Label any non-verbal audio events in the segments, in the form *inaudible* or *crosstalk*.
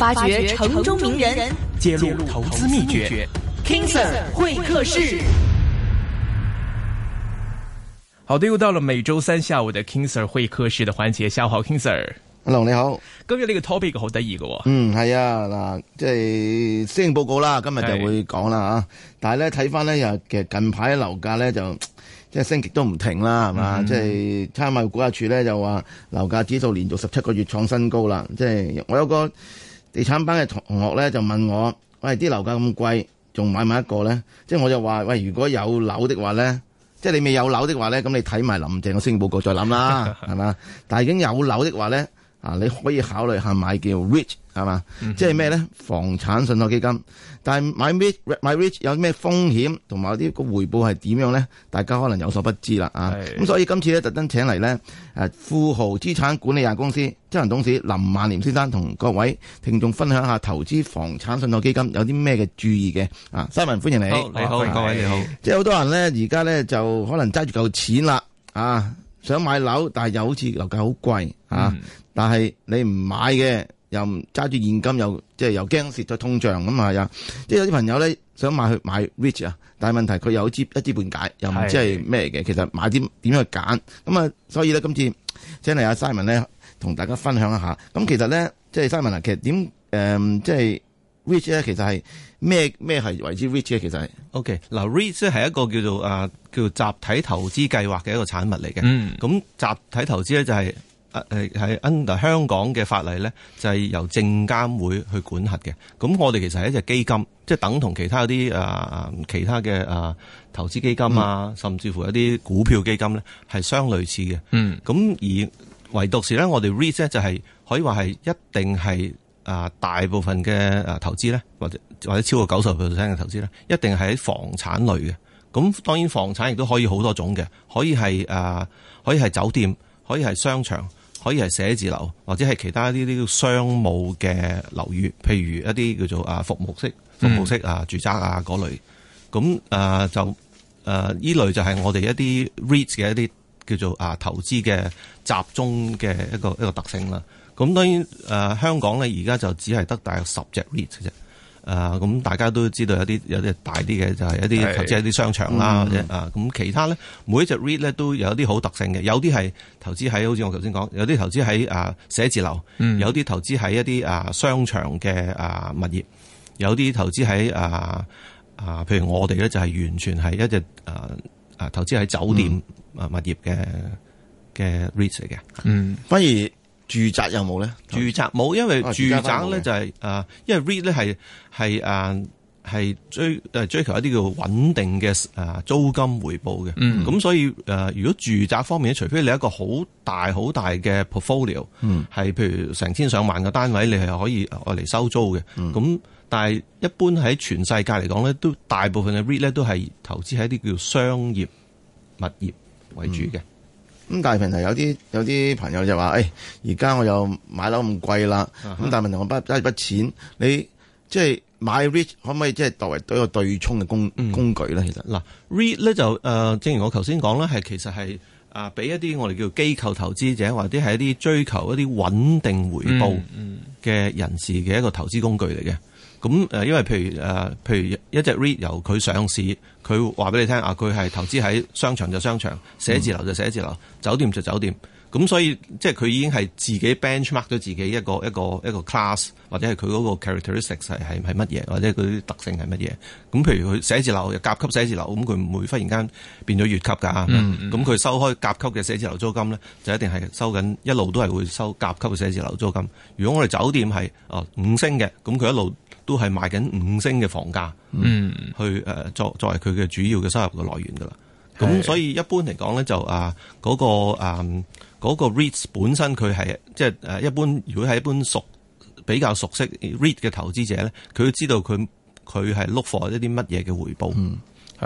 發掘城中名人，揭露投資秘訣。King Sir, King Sir 會客室，好的，又到了每周三下午的 King Sir 會客室的環節。下午好，King Sir。Hello，你好。今日呢個 topic 好得意嘅喎。嗯，係啊，嗱，即係施政報告啦，今日就會講啦啊。但係咧睇翻咧又其實近排樓價咧就即係升極都唔停啦，係、嗯、嘛？即係參麥估價處咧就話樓價指數連續十七個月創新高啦。即係我有個，地產班嘅同學咧就問我：，喂、哎，啲樓價咁貴，仲買唔買一個咧？即係我就話：，喂，如果有樓的話咧，即係你未有樓的話咧，咁你睇埋林鄭嘅施政報告再諗啦，係 *laughs* 嘛？但係已經有樓的話咧。啊！你可以考慮下買叫 Rich 係嘛、嗯？即係咩咧？房產信託基金，但係買 Rich 買 Rich 有咩風險同埋有啲回報係點樣咧？大家可能有所不知啦。啊，咁所以今次咧特登請嚟咧誒富豪資產管理有限公司執行董事林萬鐮先生同各位聽眾分享下投資房產信託基金有啲咩嘅注意嘅啊！新聞歡迎你，哦、你好、啊，各位你好。即係好多人咧，而家咧就可能揸住嚿錢啦啊，想買樓，但係又好似樓價好貴啊。嗯但係你唔買嘅，又唔揸住現金，又即係又驚蝕咗通脹咁啊！即係有啲朋友咧想買去買 REIT 啊，但係問題佢有一知一知半解，又唔知係咩嘅。其實買啲點樣去揀咁啊？所以咧今次真係阿 Simon 咧同大家分享一下。咁其實咧即係 Simon 啊、嗯就是，其實點誒即係 REIT 咧，其實係咩咩係為之 REIT 嘅？其實係 OK 嗱，REIT 咧係一個叫做啊叫做集體投資計劃嘅一個產品嚟嘅。嗯，咁集體投資咧就係、是。誒誒，係 under 香港嘅法例咧，就係由證監會去管轄嘅。咁我哋其實係一隻基金，即係等同其他嗰啲誒其他嘅誒投資基金啊，甚至乎一啲股票基金咧，係相類似嘅。嗯。咁而唯獨是咧，我哋 REIT 就係可以話係一定係誒大部分嘅誒投資咧，或者或者超過九十 percent 嘅投資咧，一定係喺房產類嘅。咁當然房產亦都可以好多種嘅，可以係誒可以係酒店，可以係商場。可以係寫字樓，或者係其他啲啲叫商務嘅樓宇，譬如一啲叫做啊服務式、服務式啊、嗯、住宅啊嗰類，咁誒就誒依、啊啊、類就係我哋一啲 REIT 嘅一啲叫做啊投資嘅集中嘅一個一個特性啦。咁當然誒、啊、香港咧而家就只係得大約十隻 REIT 嘅啫。啊，咁、呃、大家都知道有啲有啲大啲嘅就係、是、一啲是投資喺啲商場啦，嗯、或者啊，咁、呃、其他咧，每一隻 REIT 咧都有啲好特性嘅，有啲係投資喺，好似我頭先講，有啲投資喺啊寫字樓，有啲投資喺一啲啊、呃、商場嘅啊、呃、物業，有啲投資喺啊啊，譬如我哋咧就係、是、完全係一隻啊啊投資喺酒店啊物業嘅嘅 REIT 嚟嘅，嗯，反而、呃。嗯住宅有冇咧？住宅冇，因為住宅咧就係啊，因為 REIT 咧係係啊係追誒追求一啲叫穩定嘅誒租金回報嘅。咁所以誒如果住宅方面咧，除非你一個好大好大嘅 portfolio，係譬如成千上萬個單位，你係可以誒嚟收租嘅。咁但係一般喺全世界嚟講咧，都大部分嘅 REIT 咧都係投資喺一啲叫商業物業為主嘅。咁但係問題有啲有啲朋友就話，誒、哎，而家我又買樓咁貴啦，咁、uh huh。但係問題我畢即係筆錢，你即係買 REIT 可唔可以即係作為一個對沖嘅工工具咧、嗯嗯嗯。其實嗱，REIT 咧就誒，正如我頭先講啦，係其實係啊，俾一啲我哋叫機構投資者，或者係一啲追求一啲穩定回報嘅人士嘅一個投資工具嚟嘅。咁誒，因為譬如誒，譬如一隻 REIT 由佢上市，佢話俾你聽啊，佢係投資喺商場就商場，寫字樓就寫字樓，酒店就酒店。咁所以即係佢已經係自己 benchmark 咗自己一個一個一個 class，或者係佢嗰個 characteristics 係係乜嘢，或者佢啲特性係乜嘢。咁譬如佢寫字樓又甲級寫字樓，咁佢唔會忽然間變咗乙級㗎。咁、嗯、佢、嗯、收開甲級嘅寫字樓租金咧，就一定係收緊一路都係會收甲級嘅寫字樓租金。如果我哋酒店係哦五星嘅，咁佢一路，都係賣緊五星嘅房價，嗯，去誒作作為佢嘅主要嘅收入嘅來源噶啦。咁所以一般嚟講咧，就啊嗰、嗰個誒、嗰個 REITs 本身佢係即係誒一般，如果係一般熟比較熟悉 REIT 嘅投資者咧，佢知道佢佢係 look for 一啲乜嘢嘅回報。嗯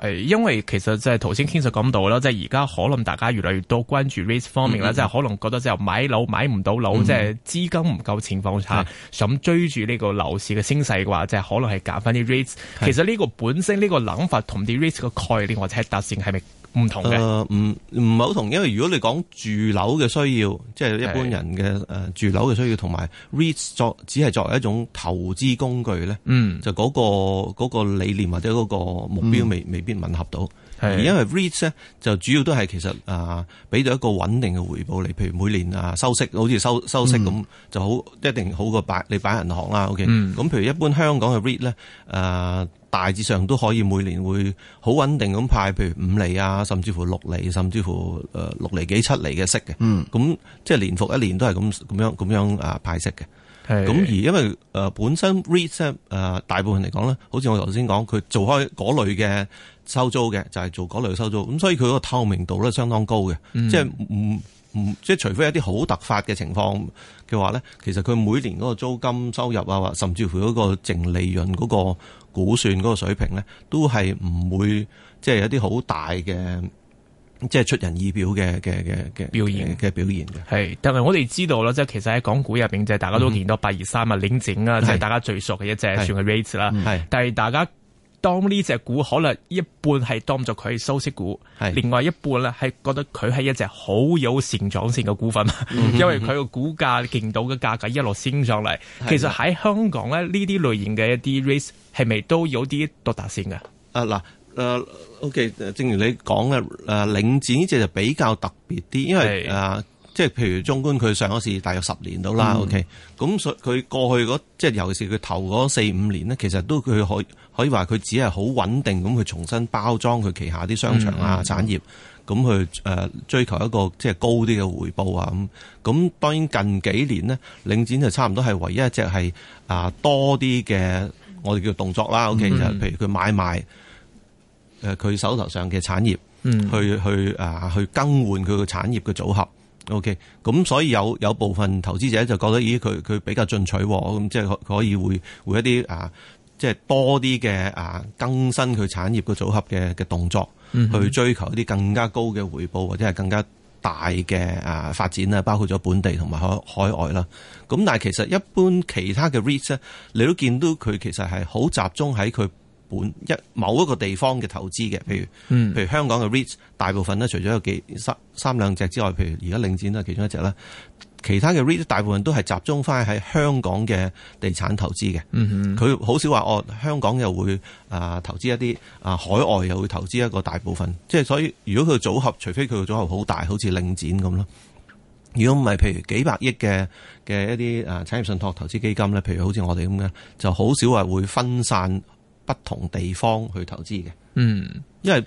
係，因為其實即係頭先傾述講到啦，即係而家可能大家越嚟越多關注 REITs 方面啦，即、嗯、係、嗯、可能覺得即係買樓買唔到樓，即係資金唔夠情況下，想追住呢個樓市嘅升勢嘅話，即、就、係、是、可能係減翻啲 REITs 其實呢個本身呢個諗法同啲 REITs 嘅概念或者係特性係咪？唔同嘅，唔唔係好同，因為如果你講住樓嘅需要，即、就、係、是、一般人嘅、呃、住樓嘅需要，同埋 REIT 作只係作為一種投資工具咧，嗯，就嗰、那個嗰、那個、理念或者嗰個目標未，未、嗯、未必吻合到，係，而因為 REIT 咧就主要都係其實啊，俾、呃、到一個穩定嘅回報你，譬如每年啊收息，好似收收息咁、嗯、就好一定好過你擺銀行啦，OK，咁、嗯、譬如一般香港嘅 REIT 咧、呃，啊。大致上都可以每年會好穩定咁派，譬如五厘啊，甚至乎六厘，甚至乎六厘幾七厘嘅、呃、息嘅。嗯，咁即係連續一年都係咁咁樣咁樣啊派息嘅。係，咁而因為誒、呃、本身 REIT 誒、呃、大部分嚟講咧，好似我頭先講，佢做開嗰類嘅收租嘅，就係做嗰類收租，咁、就是、所以佢嗰個透明度咧相當高嘅、嗯。即係唔唔，即係除非一啲好突發嘅情況嘅話咧，其實佢每年嗰個租金收入啊，甚至乎嗰個淨利潤嗰、那個。估算嗰個水平咧，都係唔會即係有啲好大嘅，即係出人意表嘅嘅嘅嘅表現嘅表現嘅。係，但係我哋知道啦，即係其實喺港股入邊，即係大家都見到八二三啊、領展啊，即係大家最熟嘅一隻，就是、算係 REITs 啦。係，但係大家。當呢隻股可能一半係當作佢收息股，係另外一半咧係覺得佢係一隻好有成長性嘅股份， *laughs* 因為佢個股價勁到嘅價格一路升上嚟。其實喺香港咧呢啲類型嘅一啲 race 係咪都有啲獨特性㗎？啊嗱，誒、啊，OK，正如你講嘅，誒、啊，領展呢隻就比較特別啲，因為誒。即係譬如，中觀佢上一次大約十年到啦，OK。咁所佢過去嗰，即係尤其是佢頭嗰四五年咧，其實都佢可可以話佢只係好穩定咁去重新包裝佢旗下啲商場啊、嗯、產業咁去誒追求一個即係高啲嘅回報啊咁。咁當然近幾年咧，領展就差唔多係唯一一隻係啊多啲嘅我哋叫動作啦。OK，、嗯、就係、譬如佢買賣誒佢手頭上嘅產業、嗯、去去啊去更換佢個產業嘅組合。O.K.，咁所以有有部分投資者就覺得，咦，佢佢比較進取，咁、嗯、即係可可以會會一啲啊，即係多啲嘅啊更新佢產業嘅組合嘅嘅動作，去追求一啲更加高嘅回報或者係更加大嘅啊發展啊，包括咗本地同埋海海外啦。咁但係其實一般其他嘅 REIT 你都見到佢其實係好集中喺佢。本一某一個地方嘅投資嘅，譬如、嗯、譬如香港嘅 REIT，大部分咧除咗有幾三三兩隻之外，譬如而家領展都係其中一隻啦。其他嘅 REIT 大部分都係集中翻喺香港嘅地產投資嘅。嗯哼，佢好少話哦，香港又會啊投資一啲啊海外又會投資一個大部分。即係所以，如果佢組合，除非佢嘅組合好大，好似領展咁咯。如果唔係，譬如幾百億嘅嘅一啲啊產業信託投資基金咧，譬如好似我哋咁嘅，就好少話會分散。不同地方去投資嘅，嗯，因為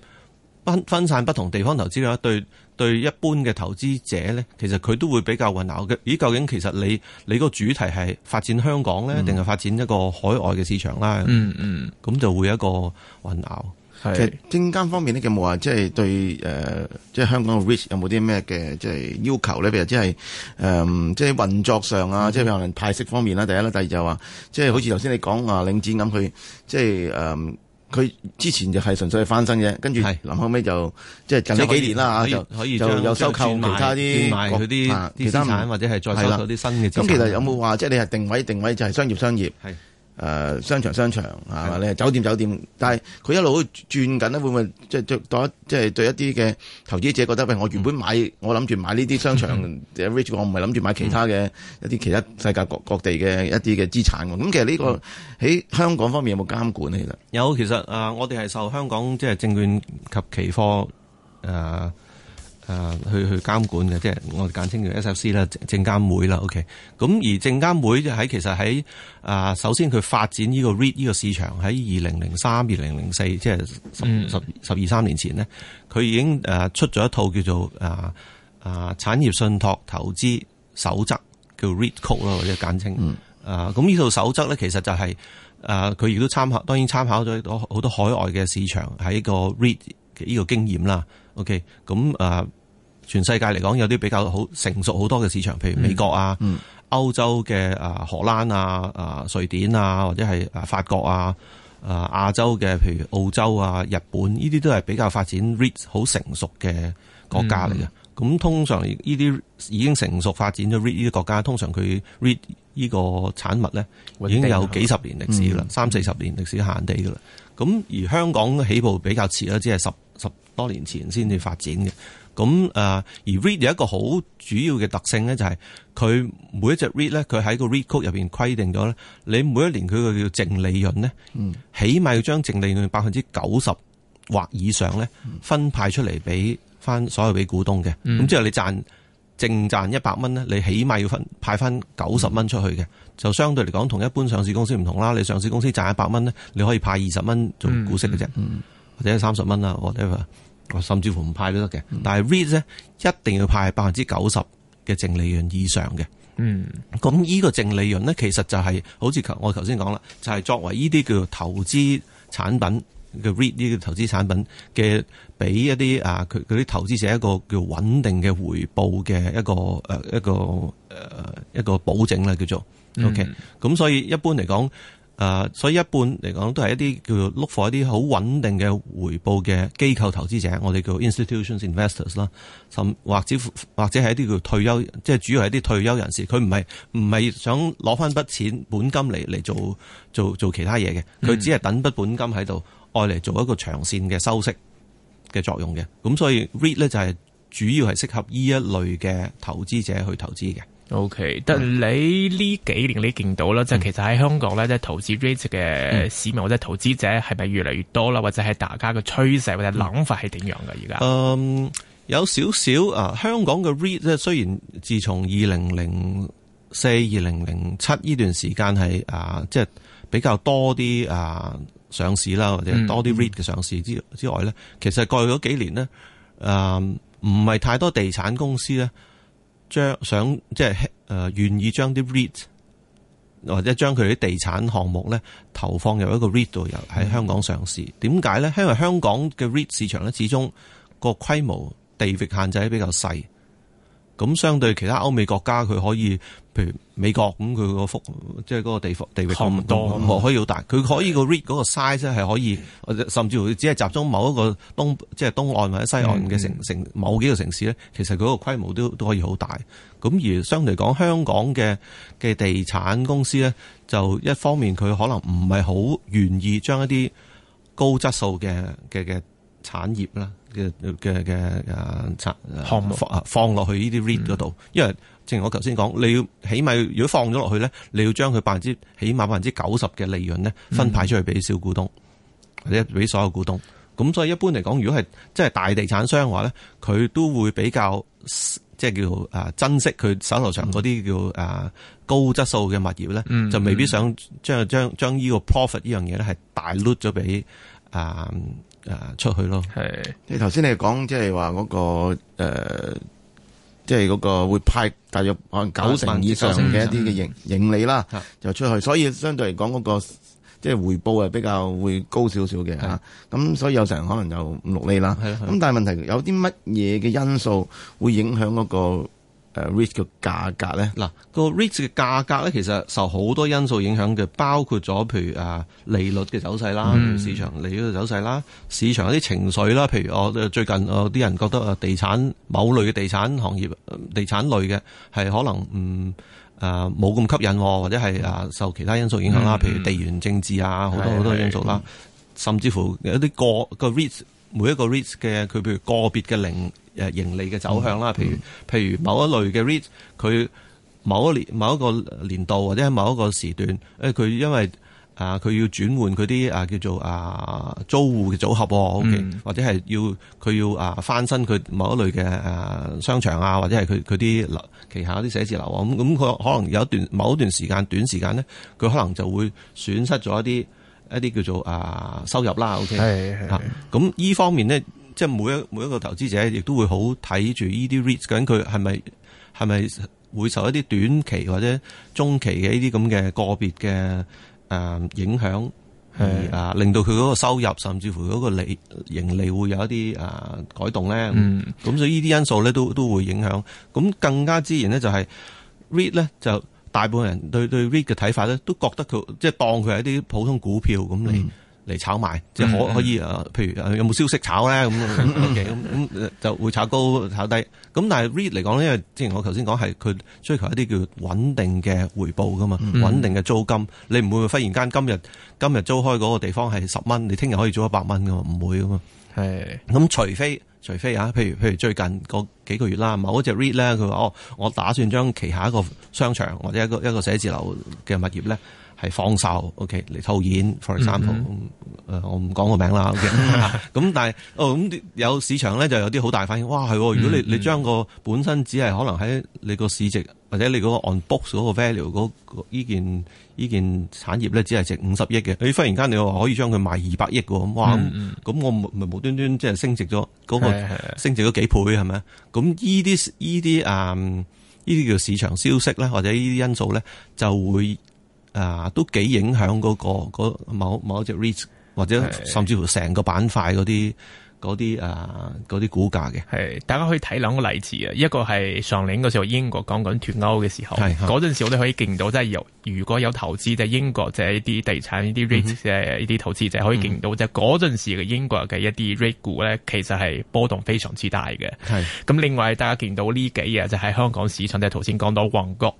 分分散不同地方投資嘅話，對對一般嘅投資者呢，其實佢都會比較混淆嘅。咦，究竟其實你你個主題係發展香港呢，定係發展一個海外嘅市場啦？嗯嗯，咁就會一個混淆。其實證監方面咧，佢冇話即係對誒，即係、呃、香港嘅 rich 有冇啲咩嘅即係要求咧？譬如即係誒，即係運作上啊，嗯、即係可能派息方面啦、啊，第一啦，第二就話、是、即係好似頭先你講啊，領展咁佢即係誒，佢、呃、之前就係純粹係翻身嘅，跟住，係，臨後尾就即係近幾年啦吓，就可以，就可以，可以就有收購其他啲國啲資產，或者係再收購啲新嘅資產。咁其實有冇話即係你係定位定位就係商業商業？係。誒商場商場嚇嘛，你酒店、酒店，但係佢一路都轉緊咧，會唔會即係對一即係對一啲嘅投資者覺得，喂，我原本買我諗住買呢啲商場 rich， *laughs* 我唔係諗住買其他嘅一啲其他世界各各地嘅一啲嘅資產。咁其實呢個喺香港方面有冇監管咧？其實有，其實誒、呃，我哋係受香港即係證券及期貨誒。呃誒去去監管嘅，即係我哋簡稱叫 SFC 啦，證監會啦，OK。咁而證監會就喺其實喺啊，首先佢發展呢個 REIT 呢個市場喺二零零三、二零零四，2004，即係十十十,十二三年前呢，佢已經誒出咗一套叫做誒誒、啊啊、產業信託投資守則，叫 REIT Code 啦，或者簡稱。嗯、啊，咁呢套守則咧，其實就係誒佢亦都參考，當然參考咗好多海外嘅市場喺個 REIT 嘅呢個經驗啦。OK，咁誒。啊全世界嚟講，有啲比較好成熟好多嘅市場，譬如美國啊、嗯嗯、歐洲嘅誒荷蘭啊、誒、呃、瑞典啊，或者係誒法國啊、誒、呃、亞洲嘅譬如澳洲啊、日本呢啲都係比較發展 REIT 好成熟嘅國家嚟嘅。咁、嗯、通常呢啲已經成熟發展咗 REIT 呢啲國家，通常佢 REIT 呢個產物咧已經有幾十年歷史啦，嗯、三四十年歷史閒地噶啦。咁而香港起步比較遲啦，只係十十多年前先至發展嘅。咁誒，而 REIT 有一個好主要嘅特性咧，就係佢每一隻 REIT 咧，佢喺個 REIT Code 入面規定咗咧，你每一年佢個叫淨利潤咧、嗯，起碼要將淨利潤百分之九十或以上咧，分派出嚟俾翻所有俾股東嘅。咁、嗯、之後你賺淨賺一百蚊咧，你起碼要分派翻九十蚊出去嘅、嗯，就相對嚟講同一般上市公司唔同啦。你上市公司賺一百蚊咧，你可以派二十蚊做股息嘅啫、嗯嗯，或者三十蚊啊，or whatever 甚至乎唔派都得嘅，但係 REIT 咧一定要派百分之九十嘅淨利潤以上嘅。嗯，咁呢個淨利潤咧，其實就係、是、好似頭我頭先講啦，就係、是、作為呢啲叫做投資產品嘅 REIT 呢啲投資產品嘅，俾一啲啊佢啲投資者一個叫穩定嘅回報嘅一個誒、呃、一個誒、呃、一個保證啦，叫做、嗯、OK。咁所以一般嚟講。誒，所以一般嚟講都係一啲叫做 look for 一啲好穩定嘅回報嘅機構投資者，我哋叫 institutions investors 啦，甚或者或者係一啲叫退休，即係主要係一啲退休人士，佢唔係唔係想攞翻筆錢本金嚟嚟做做做其他嘢嘅，佢只係等筆本金喺度，愛嚟做一個長線嘅收息嘅作用嘅。咁所以 REIT 咧就係主要係適合呢一類嘅投資者去投資嘅。O.K. 但你呢幾年你見到啦，即、嗯、係其實喺香港咧，即係投資 REIT 嘅市民、嗯、或者投資者係咪越嚟越多啦？或者係大家嘅趨勢或者諗法係點樣㗎？而家嗯有少少啊，香港嘅 REIT 即係雖然自從二零零四、二零零七呢段時間係啊，即、就、係、是、比較多啲啊上市啦，或者是多啲 REIT 嘅上市之之外咧、嗯，其實過去嗰幾年呢，誒唔係太多地產公司咧。.將想即係誒、呃、願意將啲 REIT 或者將佢哋啲地產項目咧投放入一個 REIT 度又喺香港上市，點解咧？因為香港嘅 REIT 市場咧，始終個規模地域限制比較細。咁相對其他歐美國家，佢可以，譬如美國咁，佢個幅即係嗰個地方地域規模可以好大。佢可以個 REIT 嗰個 size 係可以，甚至乎只係集中某一個東即係東岸或者西岸嘅城城、嗯嗯、某幾個城市咧，其實佢嗰個規模都都可以好大。咁而相對嚟講，香港嘅嘅地產公司咧，就一方面佢可能唔係好願意將一啲高質素嘅嘅嘅產業啦。嘅嘅嘅啊，拆項目啊，放落去呢啲 read 嗰度、嗯，因為正如我頭先講，你要起碼如果放咗落去咧，你要將佢百分之起碼百分之九十嘅利潤咧，分派出去俾小股東，或者俾所有股東。咁、嗯、所以一般嚟講，如果係即係大地產商嘅話咧，佢都會比較即係叫做啊、呃、珍惜佢手頭上嗰啲叫啊、呃、高質素嘅物業咧、嗯，就未必想將將將呢個 profit 呢樣嘢咧係大 l 咗俾啊。誒，出去咯係，係。你頭先你講即係話嗰個誒，即係嗰個會派大約可能九成以上嘅一啲嘅盈成成盈利啦，就出去。所以相對嚟講、嗰個，嗰個即係回報係比較會高少少嘅吓。咁、啊、所以有成可能就唔落利啦。咁但係問題係有啲乜嘢嘅因素會影響嗰、嗰個？誒 REIT 嘅價格咧，嗱、個 REIT 嘅價格咧，其實受好多因素影響嘅，包括咗譬如啊利率嘅走勢啦，市場利率嘅走勢啦，市場一啲情緒啦，譬如我最近我啲人覺得啊，地產某類嘅地產行業，地產類嘅係可能唔啊冇咁吸引，或者係啊受其他因素影響啦、嗯，譬如地緣政治啊，好多好多因素啦，是是是甚至乎有啲個個 REIT 每一個 REIT 嘅佢，譬如個別嘅零。誒盈利嘅走向啦，譬如譬如某一類嘅 REIT，佢某一年某一個年度或者喺某一個時段，誒佢因為啊佢要轉換佢啲啊叫做啊租戶嘅組合，O、okay? K，、嗯、或者係要佢要啊翻新佢某一類嘅啊商場啊，或者係佢佢啲旗下啲寫字樓啊，咁咁佢可能有一段某一段時間短時間咧，佢可能就會損失咗一啲一啲叫做啊收入啦，O K，啊咁依方面咧。即係每一每一個投資者，亦都會好睇住呢啲 REIT，究竟佢係咪係咪會受一啲短期或者中期嘅呢啲咁嘅個別嘅影響，令到佢嗰個收入甚至乎嗰個利盈利會有一啲改動咧。咁、嗯、所以呢啲因素咧都都會影響。咁更加之然咧就係 REIT 咧，就大部分人對對 REIT 嘅睇法咧，都覺得佢即係當佢係一啲普通股票咁嚟。嗯嚟炒賣，即係可可以，譬如有冇消息炒咧咁？O K，咁就會炒高炒低。咁但係 read 嚟講，因為之前我頭先講係佢追求一啲叫穩定嘅回報噶嘛、嗯，穩定嘅租金，你唔會忽然間今日今日租開嗰個地方係十蚊，你聽日可以租一百蚊噶嘛？唔會噶嘛？係。咁除非除非啊，譬如譬如最近嗰幾個月啦，某隻 read 咧，佢話哦，我打算將旗下一個商場或者一個一個寫字樓嘅物業咧。係放售，OK 嚟套現 for example，誒、嗯、我唔講個名啦。咁、okay， *laughs* 但係哦咁有市場咧，就有啲好大反應。哇係，如果你、嗯、你將個本身只係可能喺你個市值、嗯、或者你嗰個 on box 嗰、嗰個 value 呢件依件產業咧，只係值五十億嘅，你忽然間你話可以將佢賣二百億嘅咁，哇咁、嗯、我咪無端端即係升值咗嗰、嗰個升值咗幾倍係咪？咁呢啲依啲誒依啲叫市場消息咧，或者呢啲因素咧就會。啊，都幾影響嗰、那個那個某某一隻 REIT 或者甚至乎成個板塊嗰啲嗰啲啊嗰啲、那個、股價嘅。係，大家可以睇兩個例子啊。一個係上年嗰時候英國講緊脱歐嘅時候，嗰陣時候我哋可以見到，即係有如果有投資即係、就是、英國即係一啲地產呢啲 REIT 嘅呢啲投資者可以見到，嗯、就嗰、是、陣時嘅英國嘅一啲 REIT 股咧，其實係波動非常之大嘅。係。咁另外，大家見到呢幾日就喺、是、香港市場，就頭先講到旺角。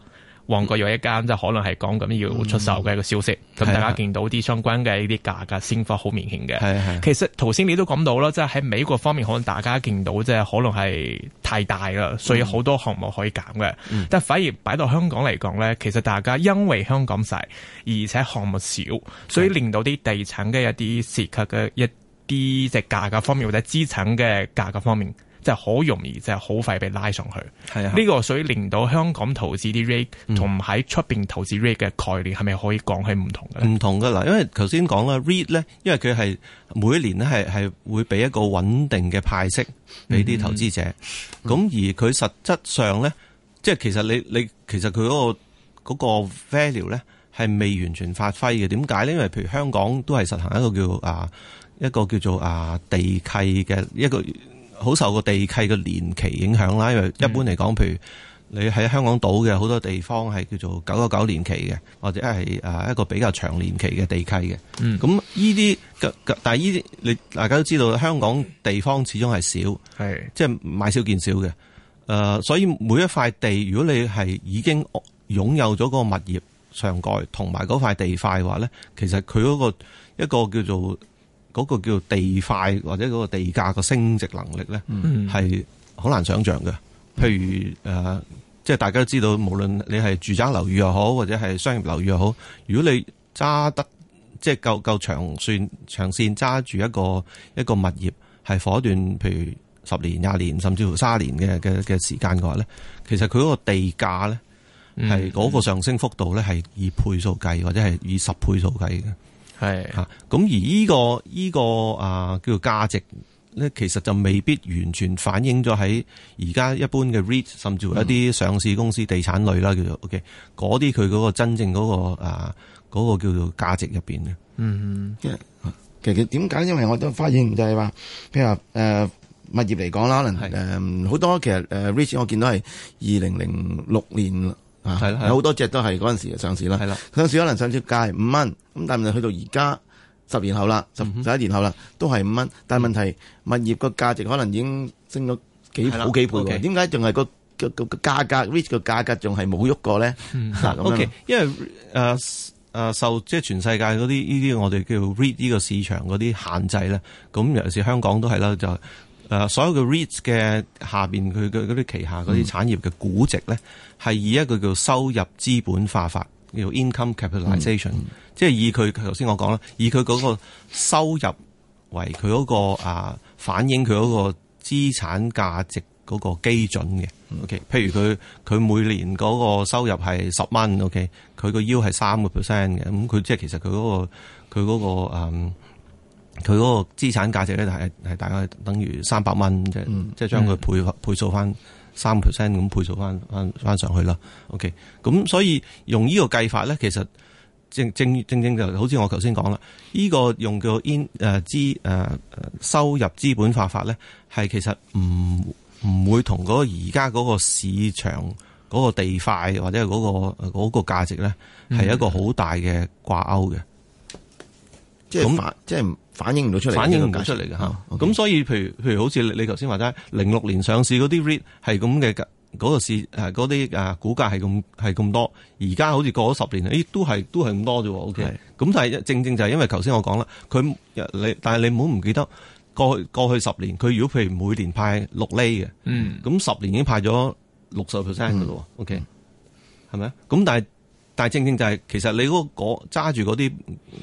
旺角有一間，即係可能係講緊要出售嘅一個消息，咁、嗯、大家見到啲相關嘅呢啲價格升幅好明顯嘅。係係，其實頭先你都講到啦，即係喺美國方面，可能大家見到即係可能係太大啦，所以好多項目可以減嘅、嗯。但係反而擺到香港嚟講咧，其實大家因為香港細，而且項目少，所以令到啲地產嘅一啲涉及嘅一啲即係價格方面或者資產嘅價格方面。或者就係好容易，即係好快被拉上去。係啊，呢個所以令到香港投資啲 rate 同喺出邊投資 rate 嘅概念係咪可以講係唔同嘅？唔同㗎啦，因為頭先講啦，rate 咧，Reed，因為佢係每年係係一年咧係係會俾一個穩定嘅派息俾啲投資者。咁、嗯、而佢實質上咧，即、嗯、係其實你你其實佢嗰、嗰個嗰個 value 咧係未完全發揮嘅。點解咧？因為譬如香港都係實行一個叫啊一個叫做啊地契嘅一個。好受個地契嘅年期影響啦，因為一般嚟講，嗯、譬如你喺香港島嘅好多地方係叫做九九九年期嘅，或者係一個比較長年期嘅地契嘅。嗯呢啲，咁呢啲，但係呢啲你大家都知道，香港地方始終係少，係即係買少見少嘅。誒，所以每一塊地，如果你係已經擁有咗嗰個物業上蓋同埋嗰塊地塊嘅話咧，其實佢嗰個一個叫做。嗰、那個叫地塊或者嗰個地價個升值能力咧，係好難想象嘅。譬如誒、呃，即係大家都知道，無論你係住宅樓宇又好，或者係商業樓宇又好，如果你揸得即係夠夠長線長線揸住一個一個物業，係火一段譬如十年、廿年，甚至乎卅年嘅嘅嘅時間嘅話咧，其實佢嗰個地價咧係嗰個上升幅度咧係以倍數計，或者係以十倍數計嘅。係吓，咁而呢、這個呢、這個啊，叫做價值咧，其實就未必完全反映咗喺而家一般嘅 REIT，甚至乎一啲上市公司地產類啦，叫做 OK，嗰啲佢嗰個真正嗰、那個啊，嗰、那個叫做價值入邊咧。嗯，其實點解？因為我都發現就係話，譬如話誒、呃、物業嚟講啦，可能誒好多其實誒、呃、REIT，我見到係二零零六年。係啦，好多隻都係嗰陣時上市啦，上市可能上市價五蚊，咁但係去到而家十年後啦，十十一年後啦，都係五蚊，但問題物業個價值可能已經升咗幾好幾倍嘅。點解仲係個個價格 REIT 個價格仲係冇喐過咧？嗱，O K，因為誒誒、呃呃、受即係全世界嗰啲呢啲我哋叫 REIT 呢個市場嗰啲限制咧，咁尤其是香港都係啦，就。誒所有嘅 REIT 嘅下面，佢嘅嗰啲旗下嗰啲產業嘅估值咧，係以一個叫收入資本化法，叫 income capitalization，、嗯嗯、即係以佢頭先我講啦，以佢嗰個收入為佢嗰、嗰個啊反映佢嗰個資產價值嗰個基準嘅、嗯。OK，譬如佢佢每年嗰個收入係十蚊，OK，佢個 yield 係三個 percent 嘅，咁佢即係其實佢嗰個佢嗰個嗯。佢嗰個資產價值咧，就係係大概等於三百蚊，即即將佢配配數翻三 percent 咁，配數翻翻翻上去啦。OK，咁所以用個計呢個計法咧，其實正正正正就好似我頭先講啦。呢、這個用叫做 in 誒資誒收入資本化法咧，係其實唔唔會同嗰而家嗰個市場嗰、那個地塊或者係、那、嗰個嗰價、那個、值咧，係一個好大嘅掛鈎嘅。嗯即係咁，即係反映唔到出嚟，反映唔到出嚟嘅吓。咁、okay、所以譬，譬如譬如，好似你你頭先話齋，零六年上市嗰啲 REIT 係咁嘅，嗰、嗰個市誒，嗰啲誒股價係咁係咁多。而家好似過咗十年，誒，都係都係咁多啫。OK，咁但係正正就係因為頭先我講啦，佢你但係你唔好唔記得過去過去十年，佢如果譬如每年派六厘嘅，嗯，咁十年已經派咗六十 percent 咯。嗯 OK，係咪啊？咁但係。但正正就係、是，其實你嗰個揸住嗰啲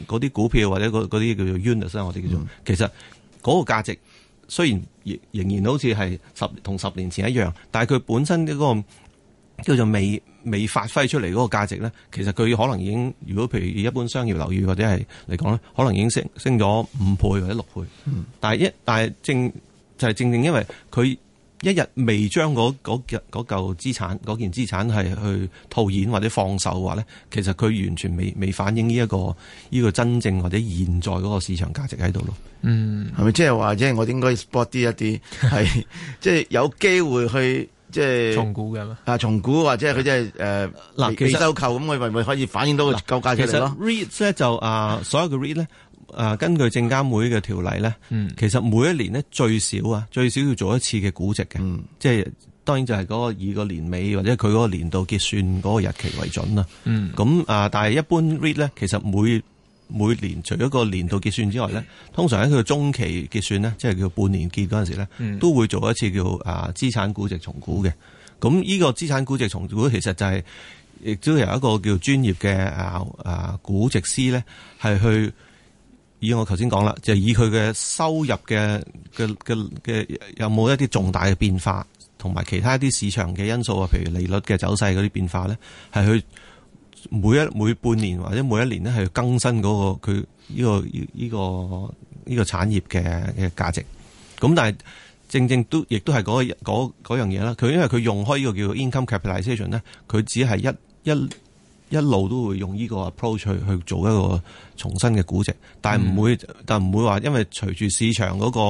嗰啲股票或者嗰啲叫做 units 我哋叫做，其實嗰個價值雖然仍然好似係十同十年前一樣，但係佢本身嗰、那個叫做未未發揮出嚟嗰個價值咧，其實佢可能已經，如果譬如一般商業樓宇或者係嚟講咧，可能已經升升咗五倍或者六倍。嗯、但一但係正就係、是、正正因為佢。一日未將嗰嗰件嗰嗰件資產係去套現或者放手嘅話咧，其實佢完全未未反映呢、這、一個呢、這個真正或者現在嗰個市場價值喺度咯。嗯，係咪即係話即係我應該 sport 啲一啲係即係有機會去即係、就是、 *laughs* 重估嘅啦。啊，重估或者佢即係誒嗱，被收購咁，佢咪咪可以反映到個夠價值咯。啊、reads 咧就啊，所有嘅 read 咧。誒，根據證監會嘅條例咧，嗯，其實每一年咧，最少啊，最少要做一次嘅估值嘅，即，嗯，係，就是，當然就係嗰個以個年尾或者佢嗰個年度結算嗰個日期為準啦。咁，嗯，啊，但係一般 read 咧，其實每每年除咗個年度結算之外咧，通常喺佢嘅中期結算咧，即係叫半年結嗰陣時咧，嗯，都會做一次叫啊資產估值重估嘅。咁呢個資產估值重估其實就係亦都由一個叫專業嘅啊啊估值師咧係去。以我頭先講啦，就係以佢嘅收入嘅嘅嘅嘅，有冇一啲重大嘅變化，同埋其他一啲市場嘅因素啊，譬如利率嘅走勢嗰啲變化咧，係佢每一每半年或者每一年咧，係去更新嗰個佢呢個呢個呢個產業嘅嘅價值。咁但係正正都亦都係嗰嗰嗰樣嘢啦。佢因為佢用開呢個叫 income capitalization 咧，佢只係一一。一一路都會用呢個 approach 去去做一個重新嘅估值，但係唔會，但唔會話，因為隨住市場嗰個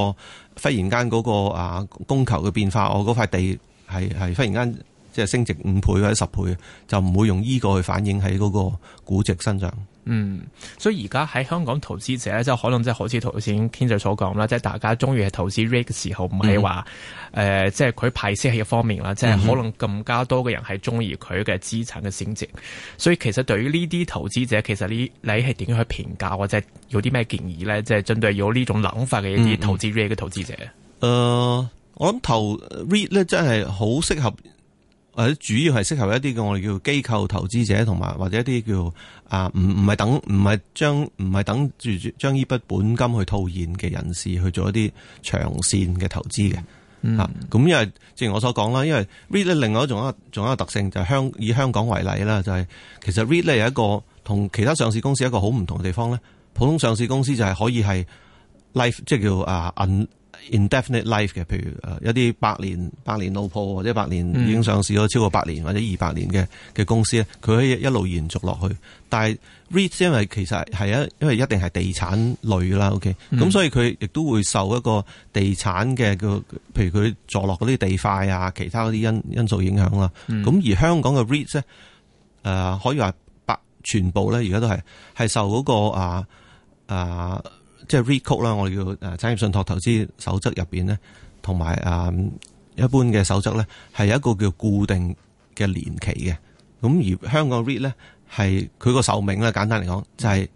忽然間嗰個啊供求嘅變化，我嗰塊地係係忽然間。即係升值五倍或者十倍，就唔會用呢個去反映喺嗰個估值身上。嗯，所以而家喺香港投資者咧，即係可能即係好似頭先 King 所講啦，即係大家中意係投資 REIT 嘅時候，唔係話誒，即係佢派息係一方面啦，即係可能更加多嘅人係中意佢嘅資產嘅升值。嗯。所以其實對於呢啲投資者，其實呢你係點樣去評價，或者有啲咩建議咧？即係針對有呢種諗法嘅一啲投資 REIT 嘅投資者。誒、嗯嗯呃，我諗投 REIT 咧，真係好適合。或者主要係適合一啲嘅我哋叫機構投資者，同埋或者一啲叫啊唔唔係等唔係將唔係等住將呢筆本金去套現嘅人士去做一啲長線嘅投資嘅。Mm -hmm. 啊，咁因為正如我所講啦，因為 REIT 另外一種一個仲一個特性就係、是、香以香港為例啦，就係、是、其實 REIT 咧有一個同其他上市公司一個好唔同嘅地方咧，普通上市公司就係可以係 life 即係叫啊 indefinite life 嘅，譬如誒一啲百年百年老鋪，或者百年、mm. 已經上市咗超過百年或者二百年嘅嘅公司咧，佢可以一路延續落去。但係 REIT 因為其實係一因為一定係地產類啦，OK，咁、mm. 所以佢亦都會受一個地產嘅，譬如佢坐落嗰啲地塊啊，其他嗰啲因因素影響啦。咁、mm. 而香港嘅 REIT 咧、呃，誒可以話百全部咧，而家都係係受嗰、嗰個啊啊。啊即係 REIT code 啦，我哋叫誒產業信託投資守則入面咧，同埋一般嘅守則咧，係有一個叫固定嘅年期嘅。咁而香港 REIT 咧係佢個壽命咧，簡單嚟講就係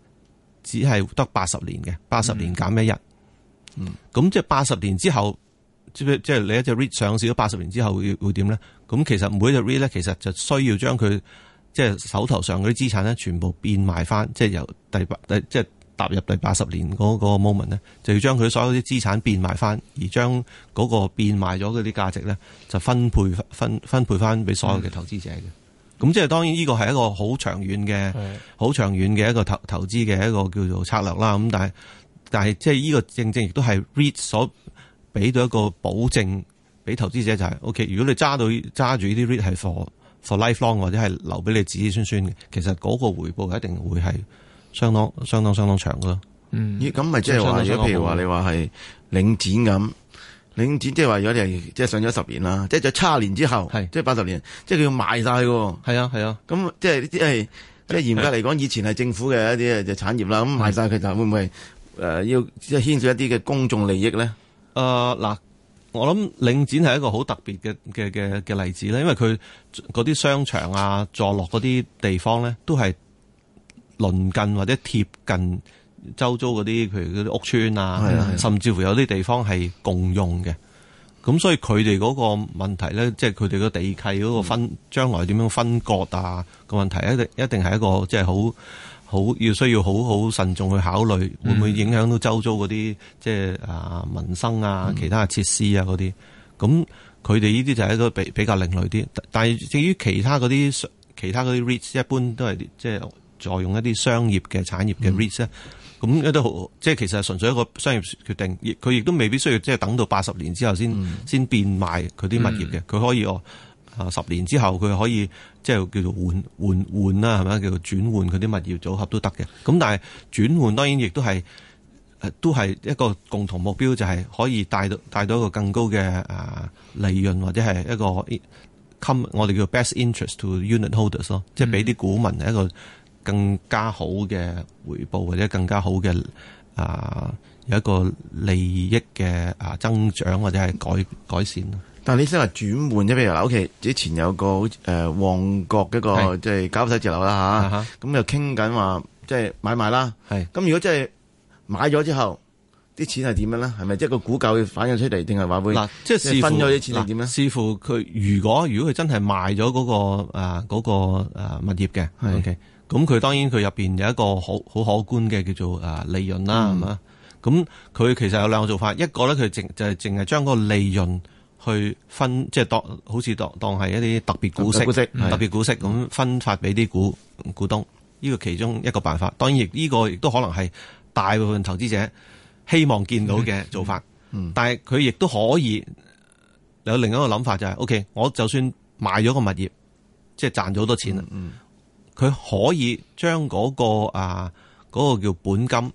只係得八十年嘅，八十年減一日。嗯。咁即係八十年之後，嗯、即係你一隻 REIT 上市咗八十年之後會點咧？咁其實每隻 REIT 咧，其實就需要將佢即係手頭上嗰啲資產咧，全部變賣翻，即係由第八即係。踏入第八十年嗰個 moment 咧，就要將佢所有啲資產變賣翻，而將嗰個變賣咗嗰啲價值咧，就分配分分配翻俾所有嘅投資者嘅。咁即係當然呢個係一個好長遠嘅、好長遠嘅一個投投資嘅一個叫做策略啦。咁但係但係即係呢個正正亦都係 REIT 所俾到一個保證俾投資者就係、是、OK。如果你揸到揸住呢啲 REIT 係 r for, for life long 或者係留俾你子子孫孫嘅，其實嗰個回報一定會係。相當相當相當長咯，嗯，咁咪即係話，如果譬如話你話係領展咁，領展即係話如果你係即係上咗十年啦，即係就差一年之後，係即係八十年，即係佢要賣晒喎。係啊係啊，咁即係呢啲係即係嚴格嚟講，以前係政府嘅一啲嘅產業啦，咁賣晒佢就會唔會誒、呃、要即係牽涉一啲嘅公眾利益咧？誒，嗱，我諗領展係一個好特別嘅嘅嘅嘅例子咧，因為佢嗰啲商場啊，坐落嗰啲地方咧，都係。鄰近或者貼近周遭嗰啲，譬如嗰啲屋邨啊，甚至乎有啲地方係共用嘅。咁所以佢哋嗰個問題咧，即係佢哋個地契嗰個分將來點樣分割啊個問題，一定一定係一個即係好好要需要好好慎重去考慮，會唔會影響到周遭嗰啲即係啊民生啊其他設施啊嗰啲？咁佢哋呢啲就係一個比比較另類啲，但係至於其他嗰啲其他嗰啲 reach 一般都係即係。再用一啲商業嘅產業嘅 reach 咁一啲好，即係其實純粹一個商業決定，亦佢亦都未必需要即係等到八十年之後先先變賣佢啲物業嘅，佢可以哦，啊十年之後佢可以即係叫做換換換啦，係咪叫做轉換佢啲物業組合都得嘅。咁但係轉換當然亦都係，誒都係一個共同目標，就係可以帶到帶到一個更高嘅利潤，或者係一個 come 我哋叫做 best interest to unit holders 咯，即係俾啲股民一個。更加好嘅回報，或者更加好嘅啊、呃，有一個利益嘅啊增長，或者係改改善。但係你先話轉換，即譬如嗱，O K，之前有個誒、呃、旺角、就是、買一個即係郊區寫字樓啦嚇，咁就傾緊話即係買賣啦。係咁，如果真係買咗之後，啲錢係點樣咧？係咪即係個股價反會反映出嚟，定係話會即係分咗啲錢定點咧？視乎佢。如果如果佢真係賣咗嗰、那個啊嗰、那個物業嘅，O K。Okay, 嗯 okay, 咁佢當然佢入面有一個好好可觀嘅叫做啊利潤啦，係嘛？嗯，咁佢其實有兩個做法，一個咧，佢淨就係淨係將個利潤去分，即係當好似當當係一啲特別股息、嗯、特別股息咁分發俾啲股股東。呢個其中一個辦法，當然亦呢個亦都可能係大部分投資者希望見到嘅做法。嗯嗯、但係佢亦都可以有另一個諗法、就係，就係 OK，我就算賣咗個物業，即係賺咗好多錢啦。嗯佢可以將嗰、那個啊嗰、那個、叫本金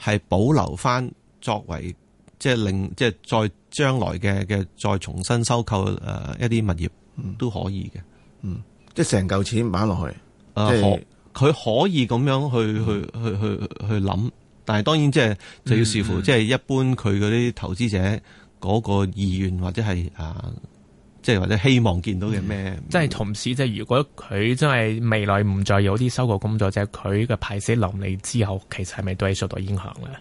係保留翻作為即係令即係再將來嘅嘅再重新收購誒一啲物業、嗯、都可以嘅，嗯，即係成嚿錢買落去，啊、即佢可以咁樣去、嗯、去去去去諗，但係當然即、就、係、是、就要視乎即係一般佢嗰啲投資者嗰個意願、嗯嗯、或者係啊。即係或者希望見到嘅咩？即、嗯、係、嗯、同時，即係如果佢真係未來唔再有啲收購工作，即係佢嘅派息臨嚟之後，其實係咪都係受到影響咧？誒、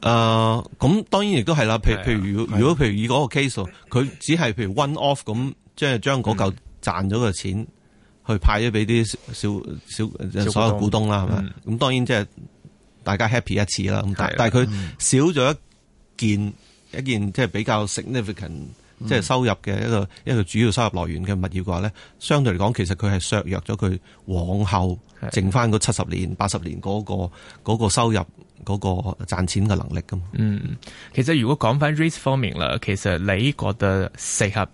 呃，咁當然亦都係啦。譬如譬如，如果譬如以嗰個 case，佢只係譬如 one off 咁，即係將嗰嚿賺咗嘅錢去派咗俾啲小小，小，小所有股東啦，係、嗯、咪？咁、嗯、當然即係大家 happy 一次啦。咁但係佢少咗一件一件，即、嗯、係比較 significant。即係收入嘅一個一個主要收入來源嘅物業嘅話咧，相對嚟講，其實佢係削弱咗佢往後剩翻嗰七十年、八十年嗰個收入嗰、嗰個賺錢嘅能力噶嘛。嗯，其實如果講翻 REIT 方面啦，其實你覺得適合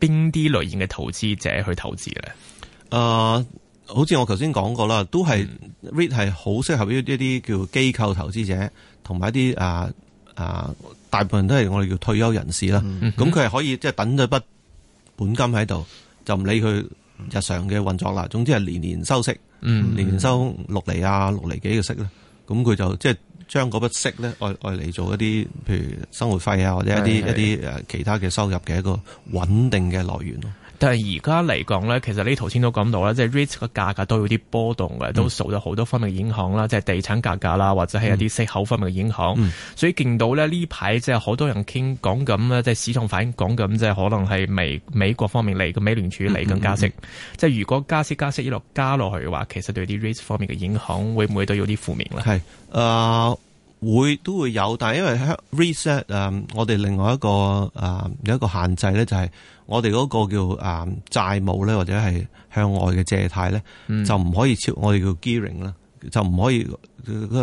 邊啲類型嘅投資者去投資咧？啊，好似我頭先講過啦，都係 REIT 係好適合一啲叫機構投資者同埋一啲啊啊。啊大部分都係我哋叫退休人士啦，咁佢係可以即係等咗筆本金喺度，就唔理佢日常嘅運作啦。總之係年年收息，年、mm hmm. 年收六厘啊，六厘幾嘅息啦。咁佢就即係將嗰筆息咧，愛愛嚟做一啲，譬如生活費啊，或者一啲、mm hmm. 一啲誒其他嘅收入嘅一個穩定嘅來源咯。但係而家嚟講咧，其實呢頭先都講到啦，即係 REIT 嘅價格都有啲波動嘅，都受到好多方面嘅影響啦，即係地產價格啦，或者係一啲息口方面嘅影響。所以見到咧呢排即係好多人傾講緊，咧，即係市場反映講緊，即係可能係美美國方面嚟嘅美聯儲嚟緊加息。嗯嗯嗯嗯、即係如果加息加息一路加落去嘅話，其實對啲 REIT 方面嘅影響會唔會都有啲負面咧？係，誒、呃。會都會有，但係因為 reset 啊，我哋另外一個啊、呃、有一個限制咧，就係我哋嗰個叫啊、呃、債務咧，或者係向外嘅借貸咧、嗯，就唔可以超我哋叫 gearing 啦，就唔可以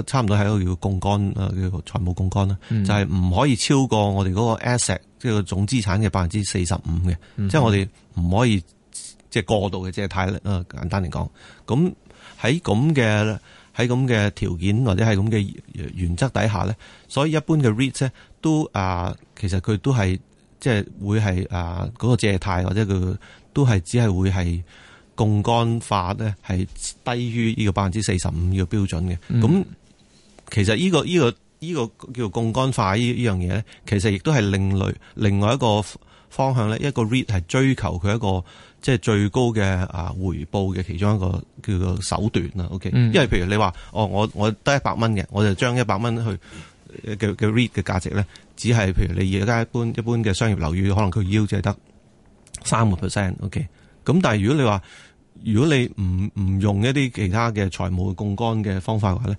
差唔多喺個叫槓桿啊，叫財務槓桿啦，就係、是、唔可以超過我哋嗰個 asset，即係總資產嘅百分之四十五嘅，即係、嗯就是、我哋唔可以即係、就是、過度嘅借貸咧，簡單嚟講，咁喺咁嘅。喺咁嘅條件或者係咁嘅原則底下咧，所以一般嘅 REIT 咧都啊、呃，其實佢都係即係會係啊嗰個借貸或者佢都係只係會係槓桿化咧，係低於呢個百分之四十五呢個標準嘅。咁其實呢個呢個呢個叫槓桿化呢呢樣嘢咧，其實亦都係另類另外一個方向咧，一個 REIT 係追求佢一個。即係最高嘅啊回報嘅其中一個叫做手段啦，OK，嗯、因為譬如你話哦，我我得一百蚊嘅，我就將一百蚊去嘅嘅 REIT 嘅價值咧，只係譬如你而家一般一般嘅商業樓宇，可能佢 yield 只係得三個 percent，OK，咁但係如果你話如果你唔唔用一啲其他嘅財務槓桿嘅方法嘅話咧，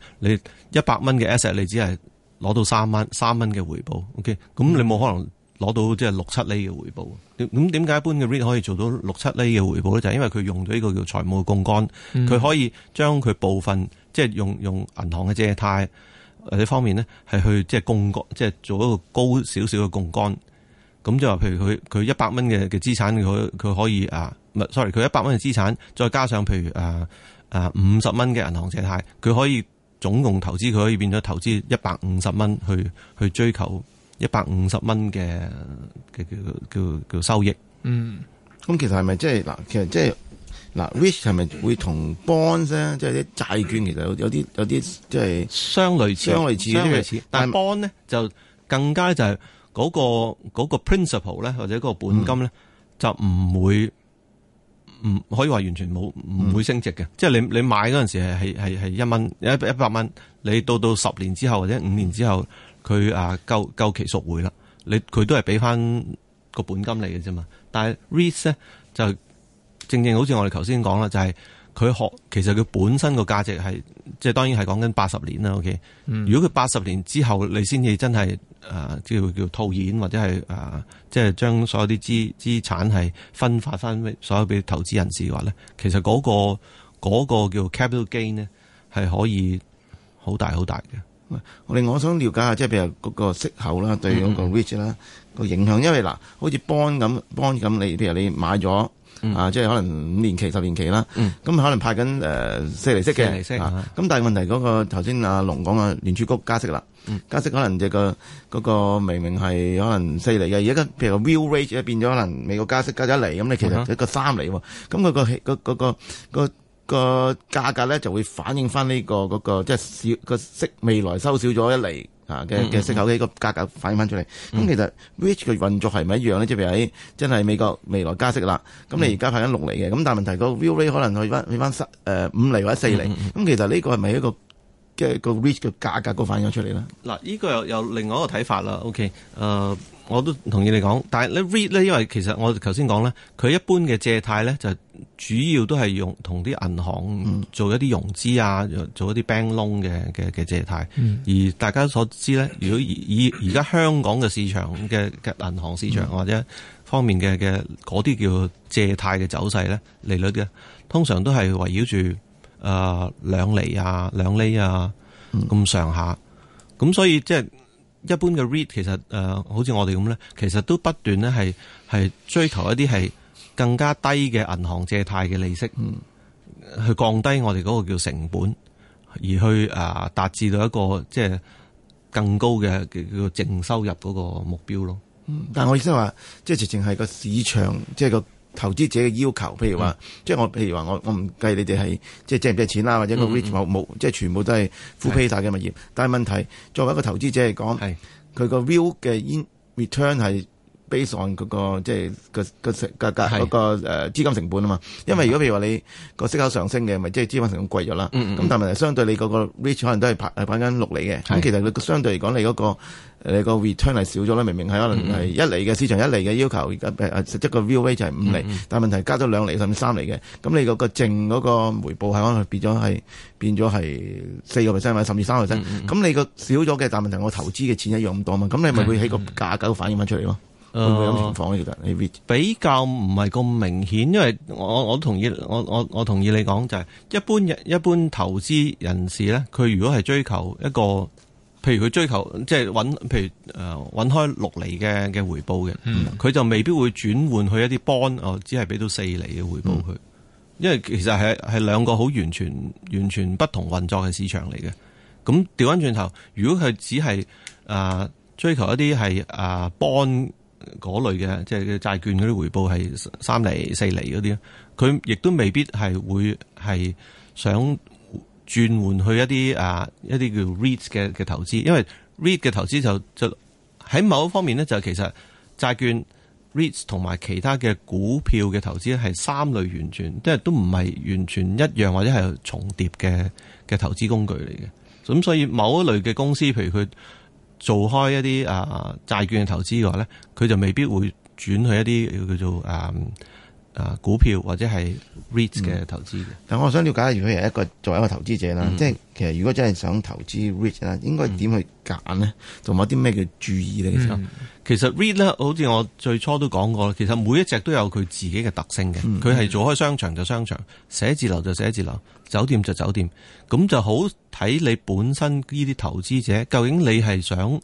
你一百蚊嘅 asset 你只係攞到三蚊三蚊嘅回報，OK，咁你冇可能。攞到即係六七厘嘅回報，咁點解一般嘅 REIT 可以做到六七厘嘅回報咧？就係因為佢用咗呢個叫財務嘅槓桿，佢可以將佢部分即係用用銀行嘅借貸或者方面咧，係去即係槓桿即係做一個高少少嘅槓桿。咁即係話，譬如佢佢一百蚊嘅嘅資產，佢佢可以啊，唔係 sorry，佢一百蚊嘅資產，再加上譬如啊啊五十蚊嘅銀行借貸，佢可以總共投資，佢可以變咗投資一百五十蚊去去追求。一百五十蚊嘅嘅叫叫叫收益。嗯，咁其實係咪即係嗱？其實即係嗱 which 係咪會同 bond 啫？即係啲債券，其實有有啲有啲即係相類似，相類似，相類似。但係 bond 咧就更加就係嗰個嗰個 principal 咧，或者嗰個本金咧、嗯、就唔會。唔可以話完全冇唔會升值嘅、嗯，即係你你買嗰陣時係係係係一蚊一一百蚊，你到到十年之後或者五年之後，佢啊，夠夠期贖回啦，你佢都係俾翻個本金嚟嘅啫嘛。但係 REIT 咧就正正好似我哋頭先講啦，就係、是、佢學其實佢本身個價值係即係當然係講緊八十年啦。OK，、嗯、如果佢八十年之後你先至真係。誒，即係、啊、叫，叫套現或者係誒、啊，即係將所有啲資資產係分發翻，所有俾投資人士嘅話咧，其實嗰個嗰個叫 capital gain 咧，係可以好大好大嘅。我哋我想了解下，即係譬如嗰個息口啦，對嗰個 REIT 啦個影響，因為嗱，好似 bond 咁，bond 咁，你譬如你買咗。嗯、啊，即係可能五年期、十年期啦，咁、嗯、可能派緊誒四厘息嘅，咁、啊、但係問題嗰、那個頭先阿龍講嘅聯儲局加息啦、嗯，加息可能就、那個嗰、那個明明係可能四厘嘅，而家譬如話 real rate 咧變咗可能美國加息加咗一厘，咁你其實一個三厘，咁、嗯、佢、那個氣、那個、那個、那個價、那個那個那個那個、格咧就會反映翻、這、呢個嗰、那個即係少個息未來收少咗一厘。啊嘅嘅息口息個價格反映翻出嚟，咁、嗯嗯、其實 r a c h 嘅運作係咪一樣呢？即係喺真係美國未來加息啦，咁你而家派緊六厘嘅，咁但係問題個 view rate 可能去翻去翻五厘或者四厘。咁、嗯嗯嗯、其實呢個係咪一個嘅個 r a c h 嘅價格個反映出嚟咧？嗱、這個，呢個又又另外一個睇法啦，OK，誒、呃。我都同意你講，但係 read 咧，因為其實我頭先講咧，佢一般嘅借貸咧就主要都係用同啲銀行做一啲融資啊，做一啲 bank loan 嘅嘅嘅借貸、嗯。而大家所知咧，如果以而家香港嘅市場嘅嘅銀行市場、嗯、或者方面嘅嘅嗰啲叫借貸嘅走勢咧，利率嘅通常都係圍繞住誒兩厘啊，兩厘啊咁上下。咁、嗯、所以即係。一般嘅 REIT 其實誒、呃，好似我哋咁咧，其實都不斷咧係係追求一啲係更加低嘅銀行借貸嘅利息、嗯，去降低我哋嗰個叫成本，而去啊達至到一個即係更高嘅叫淨收入嗰個目標咯、嗯。但係我意思話，即係直情係個市場即係個。投資者嘅要求，譬如話、嗯，即我譬如話，我我唔計你哋係即係借唔借錢啦，或者一個 reach 冇、嗯、冇、嗯，即係全部都係 full pay 嘅物業。是但係問題作為一個投資者嚟講，佢個 view 嘅 return 係 base on 嗰個即係個個成價格嗰個誒資金成本啊嘛，因為如果譬如話你個息口上升嘅，咪即係資金成本貴咗啦。咁、嗯嗯、但係問題，相對你嗰個 reach 可能都係派係緊六厘嘅。咁其實你相對嚟講、那個，你嗰個你 return 係少咗啦。明明係可能係一厘嘅、嗯嗯、市場一厘嘅要求，而家誒實質個 view rate 係五厘。嗯嗯，但係問題加咗兩厘，甚至三厘嘅，咁你嗰個淨嗰個回報係可能變咗係變咗係四個 percent 或者甚至三個 percent。咁、嗯嗯、你個少咗嘅，但係問題我投資嘅錢一樣咁多嘛，咁你咪會喺個價格度反映翻出嚟咯。誒，會唔會有情況啊？其 A、B 比較唔係咁明顯，因為我我同意，我我我同意你講就係、是、一般人一般投資人士咧，佢如果係追求一個，譬如佢追求即係搵，譬如誒搵開六厘嘅嘅回報嘅，佢、嗯、就未必會轉換去一啲 bond 哦只係俾到四厘嘅回報佢、嗯，因為其實係係兩個好完全完全不同運作嘅市場嚟嘅。咁調返轉頭，如果佢只係誒、呃、追求一啲係誒 bond 嗰類嘅即係嘅債券嗰啲回報係三厘四厘嗰啲，佢亦都未必係會係想轉換去一啲啊一啲叫 REITs 嘅嘅投資，因為 REIT 嘅投資就就喺某一方面呢，就其實債券 REITs 同埋其他嘅股票嘅投資係三類完全即係都唔係完全一樣或者係重疊嘅嘅投資工具嚟嘅，咁所以某一類嘅公司譬如佢。做開一啲啊債券嘅投資嘅話咧，佢就未必會轉去一啲叫做誒，啊啊，股票或者係 REIT 嘅投資嘅、嗯。但我想了解，如果係一個作為一個投資者啦、嗯，即係其實如果真係想投資 REIT 啦，應該點去揀呢？仲、嗯、有啲咩嘅注意呢？嗯、其實 REIT 呢，好似我最初都講過，其實每一隻都有佢自己嘅特性嘅。佢係做開商場就商場，寫字樓就寫字樓，酒店就酒店。咁就好睇，你本身呢啲投資者，究竟你係想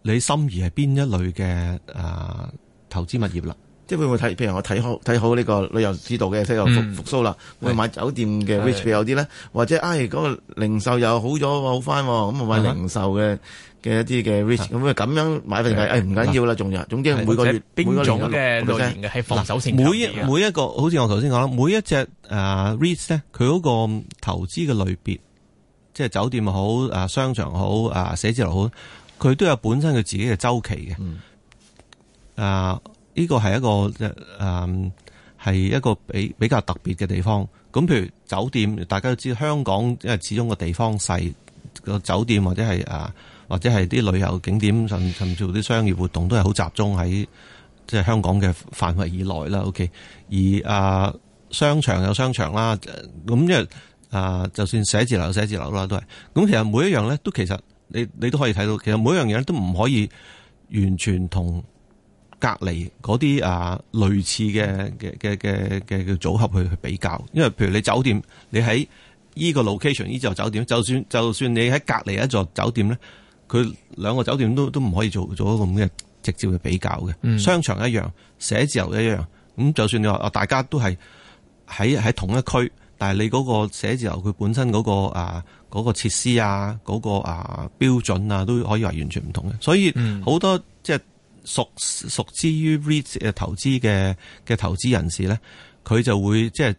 你心儀係邊一類嘅啊投資物業啦？即係會唔會睇？譬如我睇好睇好呢個旅遊指導嘅旅遊復復甦啦，會買酒店嘅 REIT a 有啲呢？或者誒嗰、哎那個零售又好咗好返喎。咁我買零售嘅嘅一啲嘅 REIT，咁啊咁樣買定、哎、係誒唔緊要啦，仲有總之每個月每種嘅類係防守性嘅。每一每一個好似我頭先講啦，每一隻 REIT 呢，佢嗰個投資嘅類別，即係酒店好、啊、商場好、啊、寫字樓好，佢都有本身佢自己嘅週期嘅啊呢、個係一個誒係、嗯、一個比比較特別嘅地方。咁譬如酒店，大家都知道香港因為始終個地方細個酒店或者係啊或者係啲旅遊景點甚甚至乎啲商業活動都係好集中喺即係香港嘅範圍以內啦。OK。而、啊、誒商場有商場啦，咁因為誒，就算寫字樓有寫字樓啦，都係咁其實每一樣咧，都其實你你都可以睇到，其實每一樣嘢都唔可以完全同。隔離嗰啲啊類似嘅嘅嘅嘅嘅嘅組合去去比較，因為譬如你酒店，你喺依個 location 呢座酒店，就算就算你喺隔離一座酒店咧，佢兩個酒店都都唔可以做做咁嘅直接嘅比較嘅。商場一樣，寫字樓一樣。咁就算你話啊，大家都係喺喺同一區，但係你嗰個寫字樓佢本身嗰個啊嗰個設施啊，嗰個啊標準啊都可以話完全唔同嘅。所以好多即係。嗯熟熟知於 REIT 嘅投資嘅嘅投資人士呢，佢就會即係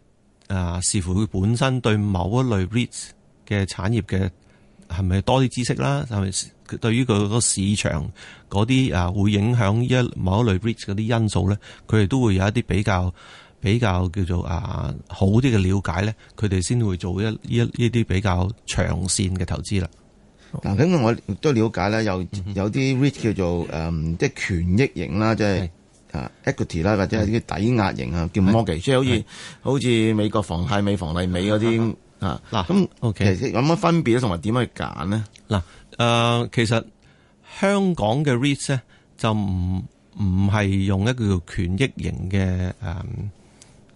啊，視乎佢本身對某一類 REIT 嘅產業嘅係咪多啲知識啦，係咪對於佢嗰個市場嗰啲、啊、會影響一某一類 REIT 嗰啲因素呢，佢哋都會有一啲比較比較叫做啊好啲嘅了解呢，佢哋先會做一啲比較長線嘅投資啦。嗱，咁我亦都了解啦，有有啲 REITs 叫做誒、嗯，即係權益型啦，即係誒 equity 啦，或者係啲抵押型、mm -hmm. okay, mm -hmm. mm -hmm. 啊，叫 mortgage，即係好似好似美國房貸美、房利美嗰啲啊。嗱，咁其實 OK 有乜分別咧，同埋點樣去揀咧？嗱，誒，其實香港嘅 REITs 咧就唔唔係用一個叫權益型嘅誒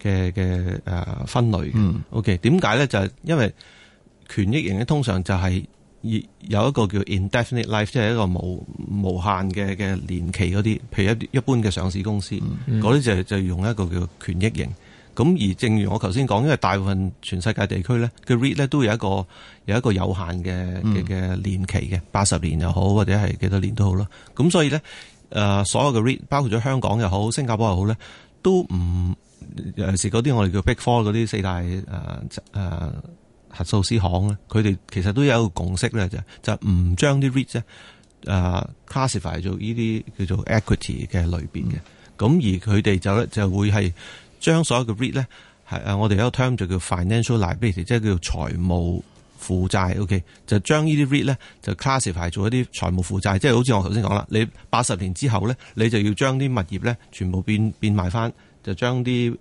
嘅嘅誒分類嗯、mm -hmm. O.K. 點解咧？就係、是、因為權益型咧，通常就係、是有一個叫 indefinite life，即係一個無，無限嘅嘅年期嗰啲，譬如一一般嘅上市公司，嗰、mm、啲 -hmm. 就就用一個叫權益型。咁而正如我頭先講，因為大部分全世界地區咧，嘅 REIT 咧都有一個有一個有限嘅嘅年期嘅，八、mm、十 -hmm. 年又好或者係幾多年都好啦。咁所以咧，誒所有嘅 REIT 包括咗香港又好、新加坡又好咧，都唔尤其是嗰啲我哋叫 Big Four 嗰啲四大誒、呃呃核數師行咧，佢哋其實都有一個共識咧，就就唔將啲 REIT 咧，誒、呃、classify 做呢啲叫做 equity 嘅類別嘅。咁、嗯、而佢哋就咧就會係將所有嘅 REIT 咧，係誒我哋有一個 term 就叫 financial liability，即係叫做財務負債 OK，就將呢啲 REIT 咧就 classify 做一啲財務負債，即、就、係、是、好似我頭先講啦，你八十年之後咧，你就要將啲物業咧全部變變賣翻，就將啲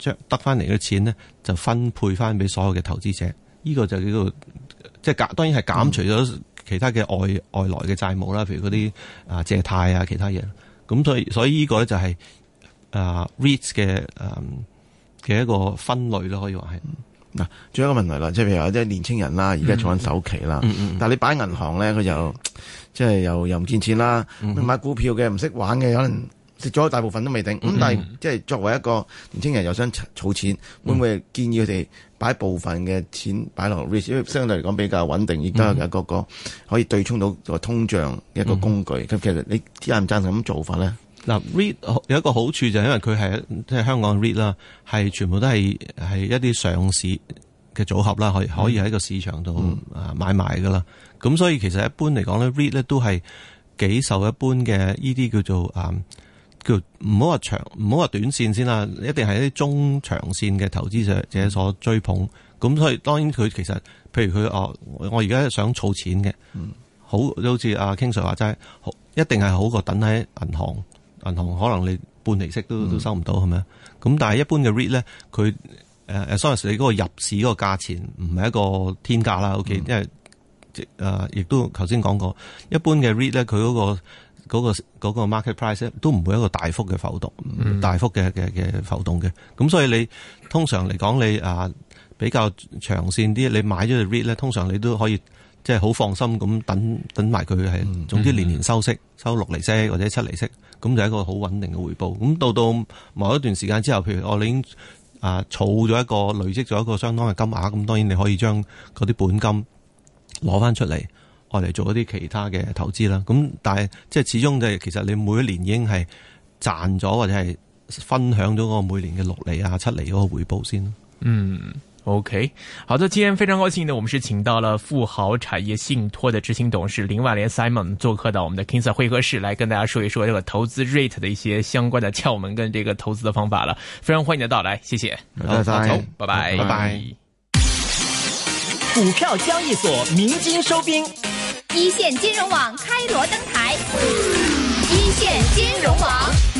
將得翻嚟嘅錢咧就分配翻俾所有嘅投資者。呢個就叫做即係減，當然係減除咗其他嘅外外來嘅債務啦，譬如嗰啲啊借貸啊其他嘢。咁、嗯、所以所以呢個咧就係、是、啊 Reits 嘅誒嘅一個分類咯，可以話係。嗱、嗯，仲有一個問題啦，即係譬如話即係年青人啦，而家儲緊首期啦，嗯、但係你擺銀行咧，佢就即係又又唔見錢啦。你買股票嘅唔識玩嘅可能。食咗大部分都未定咁，但係即係作為一個年輕人又想儲錢，會唔會建議佢哋擺部分嘅錢擺落 REIT，相對嚟講比較穩定，而家有個個可以對沖到個通脹一個工具咁、嗯。其實你點睇唔贊成咁做法咧？嗱，REIT 有一個好處就係因為佢係即係香港 REIT 啦，係全部都係係一啲上市嘅組合啦，可以可以喺個市場度啊買賣㗎噶啦。咁、嗯、所以其實一般嚟講咧，REIT 咧都係幾受一般嘅呢啲叫做啊。嗯叫唔好話長，唔好話短線先啦，一定係啲中長線嘅投資者者所追捧。咁所以當然佢其實，譬如佢我我而家想儲錢嘅，好好似阿 King Sir 話齋，一定係好過等喺銀行。銀行可能你半厘息都都收唔到係咪啊？咁、嗯、但係一般嘅 REIT 咧，佢誒 sorry 你嗰個入市嗰個價錢唔係一個天價啦。O、嗯、K，因為誒亦都頭先講過，一般嘅 REIT 咧，佢嗰個。嗰、那個 market price 都唔會一個大幅嘅浮動，嗯、大幅嘅嘅嘅浮動嘅。咁所以你通常嚟講，你啊比較長線啲，你買咗隻 REIT 咧，通常你都可以即係好放心咁等等埋佢係，總之年年收息收六厘息或者七厘息，咁就係一個好穩定嘅回報。咁到到某一段時間之後，譬如我哋已經啊儲咗一個累積咗一個相當嘅金額，咁當然你可以將嗰啲本金攞翻出嚟。我哋做一啲其他嘅投資啦，咁但係即係始終就係其實你每一年已經係賺咗或者係分享咗嗰個每年嘅六厘啊七厘嗰個回報先。嗯，OK，好的，今天非常高興呢，我們是請到了富豪產業信託嘅執行董事林萬鐮 Simon 做客到我們的 King Sir 會客室，來跟大家說一說呢個投資 rate 嘅一些相關的竅門，跟這個投資嘅方法了。非常歡迎你的到來，謝謝，拜拜，拜拜，拜拜。股票交易所鳴金收兵。一線金融網開鑼登台，一線金融網。